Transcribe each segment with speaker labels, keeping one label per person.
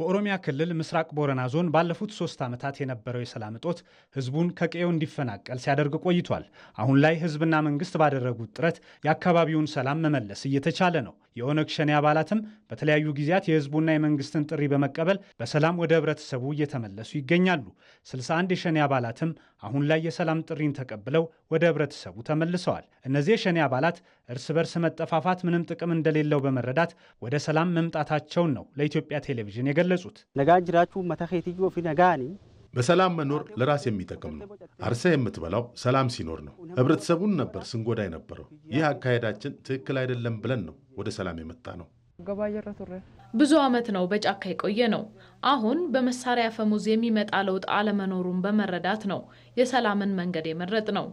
Speaker 1: በኦሮሚያ ክልል ምስራቅ ቦረና ዞን ባለፉት ሶስት ዓመታት የነበረው የሰላም እጦት ህዝቡን ከቀዬው እንዲፈናቀል ሲያደርግ ቆይቷል። አሁን ላይ ህዝብና መንግስት ባደረጉት ጥረት የአካባቢውን ሰላም መመለስ እየተቻለ ነው። የኦነግ ሸኔ አባላትም በተለያዩ ጊዜያት የህዝቡና የመንግስትን ጥሪ በመቀበል በሰላም ወደ ህብረተሰቡ እየተመለሱ ይገኛሉ። 61 የሸኔ አባላትም አሁን ላይ የሰላም ጥሪን ተቀብለው ወደ ህብረተሰቡ ተመልሰዋል። እነዚህ የሸኔ አባላት እርስ በርስ መጠፋፋት ምንም ጥቅም እንደሌለው በመረዳት ወደ ሰላም መምጣታቸውን ነው ለኢትዮጵያ ቴሌቪዥን የገለጹት
Speaker 2: ነጋን ጅራችሁ ፊ ነጋኒ
Speaker 3: በሰላም መኖር ለራስ የሚጠቅም ነው። አርሰ የምትበላው ሰላም ሲኖር ነው። ህብረተሰቡን ነበር ስንጎዳ የነበረው። ይህ አካሄዳችን ትክክል አይደለም ብለን ነው ወደ ሰላም የመጣ ነው።
Speaker 4: ብዙ ዓመት ነው በጫካ የቆየ ነው። አሁን በመሳሪያ ፈሙዝ የሚመጣ ለውጥ አለመኖሩን በመረዳት ነው የሰላምን መንገድ የመረጥ ነው።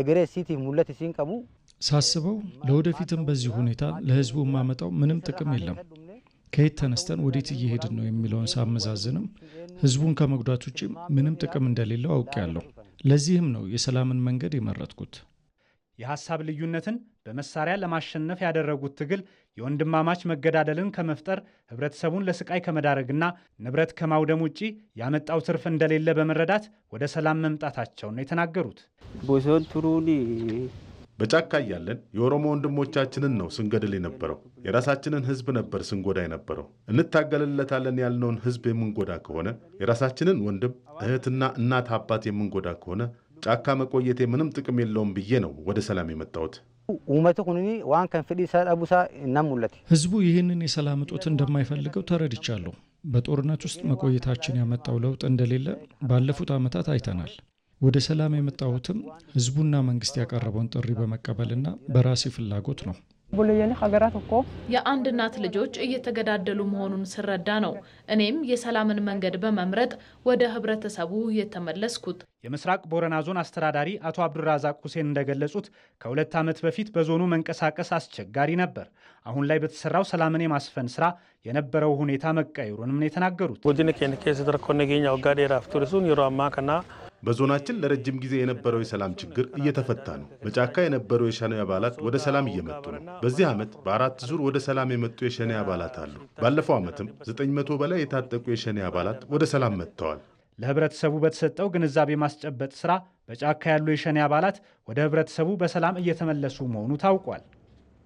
Speaker 5: እግሬ ሲቲ ሙለት ሲንቀቡ ሳስበው ለወደፊትም በዚህ ሁኔታ ለህዝቡ የማመጣው ምንም ጥቅም የለም። ከየት ተነስተን ወዴት እየሄድን ነው የሚለውን ሳመዛዝንም ህዝቡን ከመጉዳት ውጭ ምንም ጥቅም እንደሌለው አውቄያለሁ። ለዚህም ነው የሰላምን መንገድ የመረጥኩት።
Speaker 1: የሀሳብ ልዩነትን በመሳሪያ ለማሸነፍ ያደረጉት ትግል የወንድማማች መገዳደልን ከመፍጠር ህብረተሰቡን ለስቃይ ከመዳረግና ንብረት ከማውደም ውጪ ያመጣው ትርፍ እንደሌለ በመረዳት ወደ ሰላም መምጣታቸውን ነው የተናገሩት።
Speaker 6: በጫካ እያለን የኦሮሞ ወንድሞቻችንን ነው ስንገድል የነበረው። የራሳችንን ህዝብ ነበር ስንጎዳ የነበረው። እንታገልለታለን ያልነውን ህዝብ የምንጎዳ ከሆነ፣ የራሳችንን ወንድም እህትና እናት አባት የምንጎዳ ከሆነ ጫካ መቆየቴ ምንም ጥቅም የለውም ብዬ ነው ወደ ሰላም የመጣሁት። ውመቱ ዋን
Speaker 5: ከንፍዲ እናሙለት ህዝቡ ይህንን የሰላም እጦት እንደማይፈልገው ተረድቻለሁ። በጦርነት ውስጥ መቆየታችን ያመጣው ለውጥ እንደሌለ ባለፉት ዓመታት አይተናል። ወደ ሰላም የመጣሁትም ህዝቡና መንግስት ያቀረበውን ጥሪ በመቀበልና በራሴ ፍላጎት ነው።
Speaker 4: የአንድ እናት ልጆች እየተገዳደሉ መሆኑን ስረዳ ነው እኔም የሰላምን መንገድ በመምረጥ ወደ ህብረተሰቡ የተመለስኩት።
Speaker 1: የምስራቅ ቦረና ዞን አስተዳዳሪ አቶ አብዱራዛቅ ሁሴን እንደገለጹት ከሁለት ዓመት በፊት በዞኑ መንቀሳቀስ አስቸጋሪ ነበር። አሁን ላይ በተሰራው ሰላምን የማስፈን ስራ የነበረው ሁኔታ መቀየሩንም ነው የተናገሩት።
Speaker 3: በዞናችን ለረጅም ጊዜ የነበረው የሰላም ችግር እየተፈታ ነው። በጫካ የነበረው የሸኔ አባላት ወደ ሰላም እየመጡ ነው። በዚህ ዓመት በአራት ዙር ወደ ሰላም የመጡ የሸኔ አባላት አሉ። ባለፈው ዓመትም ዘጠኝ መቶ በላይ የታጠቁ የሸኔ አባላት ወደ ሰላም መጥተዋል።
Speaker 1: ለህብረተሰቡ በተሰጠው ግንዛቤ ማስጨበጥ ስራ በጫካ ያሉ የሸኔ አባላት ወደ ህብረተሰቡ በሰላም እየተመለሱ መሆኑ ታውቋል።